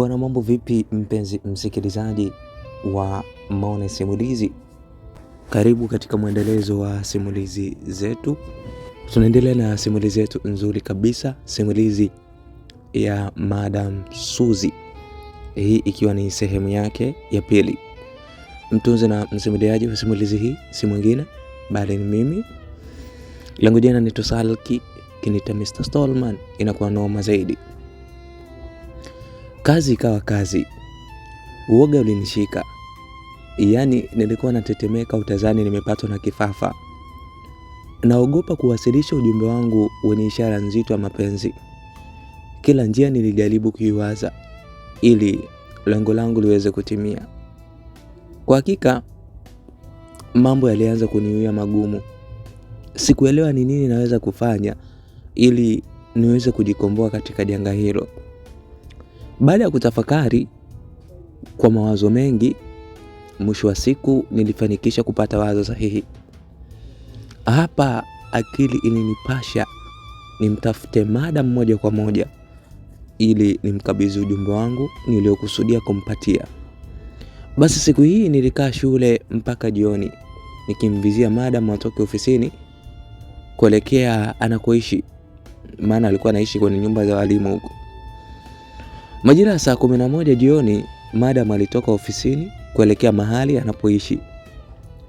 Bwana, mambo vipi, mpenzi msikilizaji wa Maone Simulizi, karibu katika mwendelezo wa simulizi zetu. Tunaendelea na simulizi yetu nzuri kabisa, simulizi ya Madam Suzi, hii ikiwa ni sehemu yake ya pili. Mtunzi na msimuliaji wa simulizi hii si mwingine bali ni mimi, langu jina ni Tosalki, Kinita Mr. Stallman. Inakuwa noma zaidi. Kazi ikawa kazi, uoga ulinishika, yaani nilikuwa natetemeka utazani, nimepatwa na kifafa. Naogopa kuwasilisha ujumbe wangu wenye ishara nzito ya mapenzi. Kila njia nilijaribu kuiwaza ili lengo langu liweze kutimia. Kwa hakika mambo yalianza kuniwia magumu. Sikuelewa ni nini naweza kufanya ili niweze kujikomboa katika janga hilo. Baada ya kutafakari kwa mawazo mengi, mwisho wa siku nilifanikisha kupata wazo sahihi. Hapa akili ilinipasha nimtafute mada moja kwa moja ili nimkabidhi ujumbe wangu niliokusudia kumpatia. Basi siku hii nilikaa shule mpaka jioni nikimvizia madam atoke ofisini kuelekea anakoishi, maana alikuwa anaishi kwenye nyumba za walimu huko. Majira ya saa moja jioni, madam alitoka ofisini kuelekea mahali anapoishi.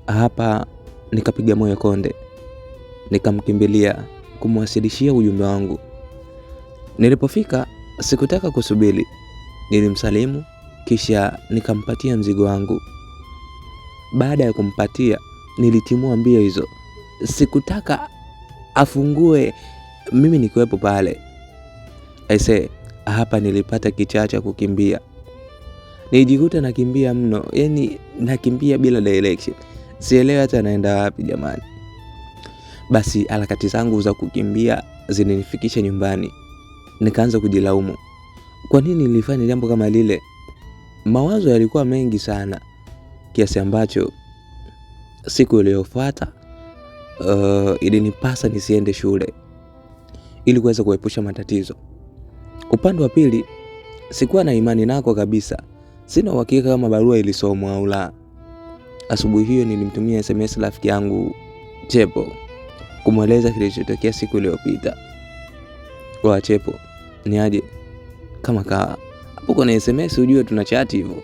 Hapa nikapiga moyo konde, nikamkimbilia kumwasilishia ujumbe wangu. Nilipofika sikutaka kusubiri, nilimsalimu kisha nikampatia mzigo wangu. Baada ya kumpatia, nilitimua mbio hizo, sikutaka afungue, mimi nikiwepo pale aise hapa nilipata kichaa cha kukimbia, nijikuta nakimbia mno, yani nakimbia bila direction, sielewi hata naenda wapi jamani. Basi harakati zangu za kukimbia zilinifikisha nyumbani, nikaanza kujilaumu, kwa nini nilifanya jambo kama lile? Mawazo yalikuwa mengi sana kiasi ambacho siku iliyofuata uh, ilinipasa nisiende shule ili kuweza kuepusha matatizo. Upande wa pili, sikuwa na imani nako kabisa. Sina uhakika kama barua ilisomwa au la. Asubuhi hiyo nilimtumia SMS rafiki yangu Chepo kumweleza kilichotokea siku iliyopita. Wa Chepo ni aje? Kama kaa hapo kuna SMS ujue tuna chat hivyo.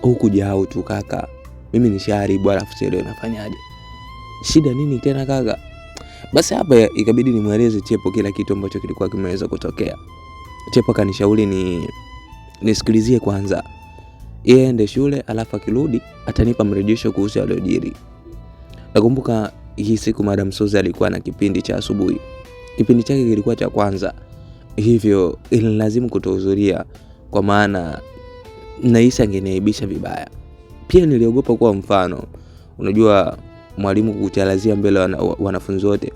Huku jao tu kaka, mimi nishaharibu, alafu sio nafanyaje? Shida nini tena kaka? Basi hapa ikabidi nimweleze Chepo kila kitu ambacho kilikuwa kimeweza kutokea. Chepo kanishauri ni nisikilizie kwanza, yeye aende shule, alafu akirudi atanipa mrejesho kuhusu aliyojiri. Nakumbuka hii siku Madam Suzy alikuwa na kipindi cha asubuhi. Kipindi chake kilikuwa cha kwanza, hivyo ilinilazimu kutohudhuria kwa maana nahisi angeniaibisha vibaya. Pia niliogopa kuwa mfano, unajua mwalimu kukuchalazia mbele wana, wanafunzi wote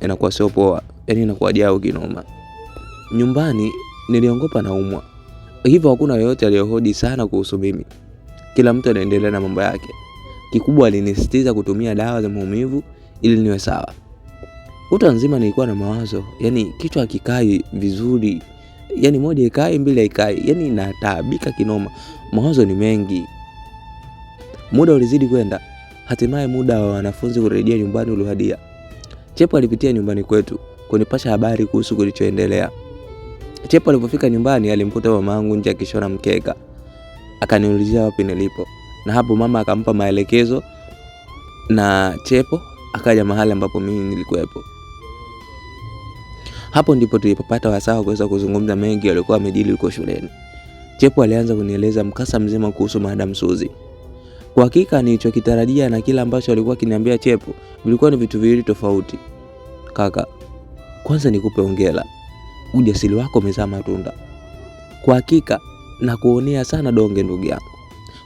inakuwa sio poa, yani inakuwa jao kinoma. Nyumbani niliongopa na umwa hivyo hakuna yoyote aliyohoji sana kuhusu mimi. Kila mtu anaendelea na mambo yake. Kikubwa alinisisitiza kutumia dawa za maumivu ili niwe sawa. Kutwa nzima nilikuwa na mawazo, yani kichwa hakikai vizuri, yani moja ikai mbili haikai, yani nataabika kinoma, mawazo ni mengi. Muda ulizidi kwenda. Hatimaye muda wa wanafunzi kurejea nyumbani uliwadia. Chepo alipitia nyumbani kwetu kunipasha habari kuhusu kilichoendelea. Chepo alipofika nyumbani alimkuta mamangu nje akishona mkeka. Akaniulizia wapi nilipo, na hapo mama akampa maelekezo na Chepo akaja mahali ambapo mimi nilikuwepo. Hapo ndipo tulipopata wasaa kuweza kuzungumza mengi yaliyokuwa yamejili huko shuleni. Chepo alianza kunieleza mkasa mzima kuhusu Madam Suzi. Kwa hakika nilichokitarajia na kile ambacho alikuwa kiniambia Chepo vilikuwa ni vitu viwili tofauti. Kaka, kwanza nikupe hongera, ujasiri wako umezaa matunda. Kwa hakika nakuonea sana donge, ndugu yangu.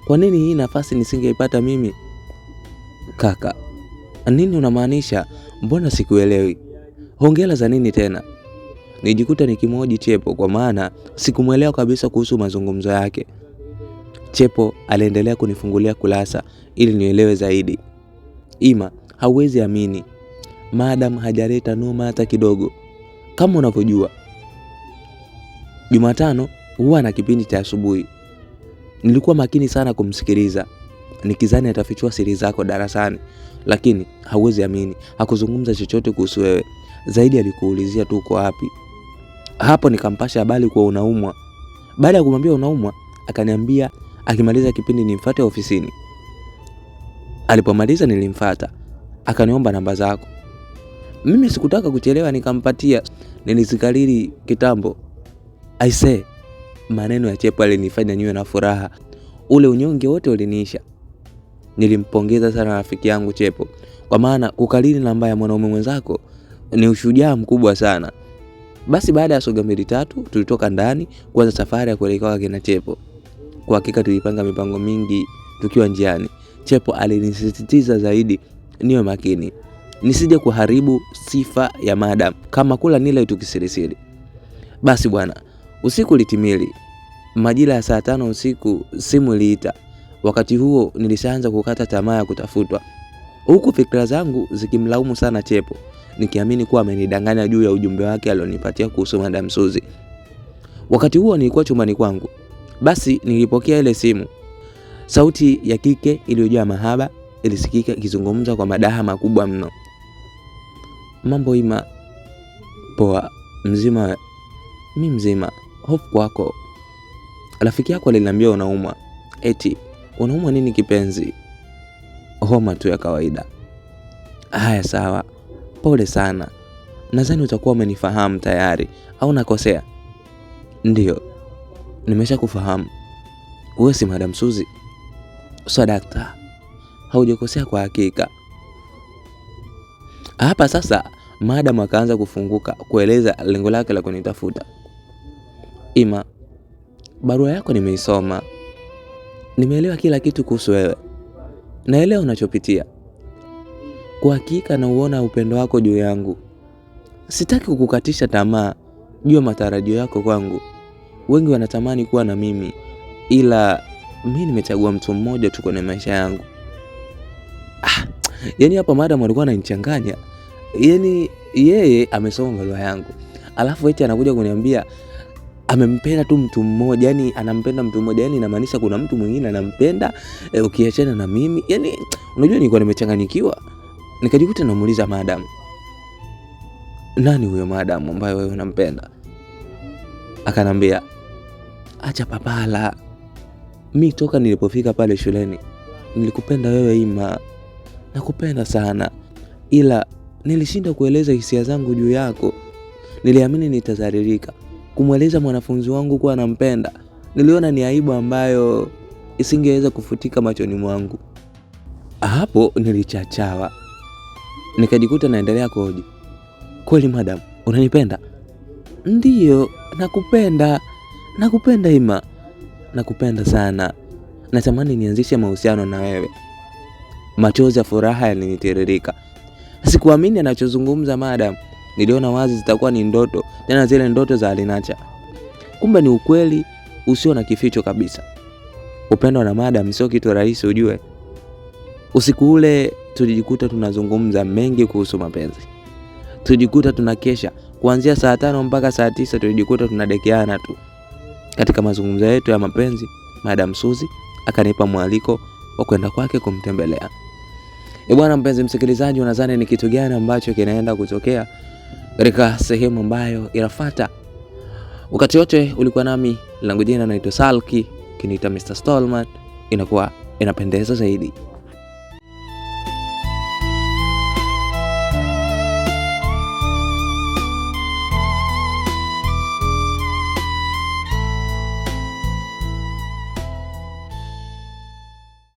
Kwa nini hii nafasi nisingeipata mimi? Kaka, nini unamaanisha? Mbona sikuelewi? Hongera za nini tena? Nijikuta nikimhoji Chepo kwa maana sikumwelewa kabisa kuhusu mazungumzo yake. Chepo aliendelea kunifungulia kulasa ili nielewe zaidi. Ima, hauwezi amini, madam hajaleta noma hata kidogo. Kama unavyojua, Jumatano huwa na kipindi cha asubuhi. Nilikuwa makini sana kumsikiliza nikizani atafichua siri zako darasani, lakini hauwezi amini, hakuzungumza chochote kuhusu wewe zaidi, alikuulizia tu uko wapi. Hapo nikampasha habari kuwa unaumwa. Baada ya kumwambia unaumwa, akaniambia akimaliza kipindi nimfuate ofisini. Alipomaliza nilimfuata, akaniomba namba zako. Mimi sikutaka kuchelewa, nikampatia. Nilizikariri kitambo. I say, maneno ya Chepo alinifanya niwe na furaha, ule unyonge wote uliniisha. Nilimpongeza sana rafiki yangu Chepo kwa maana kukariri namba ya mwanaume mwenzako ni ushujaa mkubwa sana. Basi baada ya soga mbili tatu tulitoka ndani kuanza safari ya kuelekea kwa kina Chepo. Kwa hakika tulipanga mipango mingi tukiwa njiani. Chepo alinisisitiza zaidi niwe makini nisije kuharibu sifa ya madam kama kula nile kisirisiri. Basi bwana, usiku litimili, majira ya saa tano usiku simu iliita. Wakati huo nilishaanza kukata tamaa ya kutafutwa, huku fikra zangu zikimlaumu sana Chepo, nikiamini kuwa amenidanganya juu ya ujumbe wake alionipatia kuhusu madam Suzi. Wakati huo nilikuwa chumbani kwangu basi nilipokea ile simu. Sauti ya kike iliyojaa mahaba ilisikika ikizungumza kwa madaha makubwa mno. Mambo ima, poa, mzima? Mi mzima, hofu kwako. Rafiki yako aliniambia unaumwa. Eti unaumwa nini kipenzi? Homa tu ya kawaida. Haya, sawa, pole sana. Nadhani utakuwa umenifahamu tayari, au nakosea? ndio nimesha kufahamu wewe si Madam Suzi, sio dakta, haujakosea kwa hakika. Hapa sasa Madam akaanza kufunguka kueleza lengo lake la kunitafuta. Ima, barua yako nimeisoma, nimeelewa kila kitu kuhusu wewe, naelewa unachopitia kwa hakika, uona upendo wako juu yangu. Sitaki kukukatisha tamaa juu ya matarajio yako kwangu, wengi wanatamani kuwa na mimi, ila mi nimechagua mtu mmoja tu kwenye maisha yangu. Ah, yani hapa madam alikuwa ananichanganya. Yani yeye amesoma barua yangu alafu eti anakuja kuniambia amempenda tu mtu mmoja, yani anampenda mtu mmoja, yani inamaanisha kuna mtu mwingine anampenda e, ukiachana na mimi. Yani unajua, nilikuwa nimechanganyikiwa, nikajikuta namuuliza madam, nani huyo madam ambaye wewe unampenda? Akanambia acha papala. Mi toka nilipofika pale shuleni nilikupenda wewe Ima, nakupenda sana, ila nilishinda kueleza hisia zangu juu yako. Niliamini nitazaririka kumweleza mwanafunzi wangu kuwa nampenda. Niliona ni aibu ambayo isingeweza kufutika machoni mwangu. Hapo nilichachawa, nikajikuta naendelea kuhoji, kweli madam, unanipenda? Ndiyo, nakupenda nakupenda Ima, nakupenda sana, natamani nianzishe mahusiano na wewe. Machozi ya furaha yalinitiririka. Sikuamini anachozungumza madam. Niliona wazi zitakuwa ni ndoto, tena zile ndoto za Alinacha. Kumbe ni ukweli usio na kificho kabisa. Upendo na madam sio kitu rahisi, ujue. Usiku ule tulijikuta tunazungumza mengi kuhusu mapenzi. Tulijikuta tunakesha kuanzia saa tano mpaka saa tisa, tulijikuta tunadekeana tu. Katika mazungumzo yetu ya mapenzi, Madam Suzi akanipa mwaliko wa kwenda kwake kumtembelea. E bwana, mpenzi msikilizaji, unadhani ni kitu gani ambacho kinaenda kutokea katika sehemu ambayo inafata? Wakati wote ulikuwa nami, langu jina naitwa Salki, kiniita Mr Stallman, inakuwa inapendeza zaidi.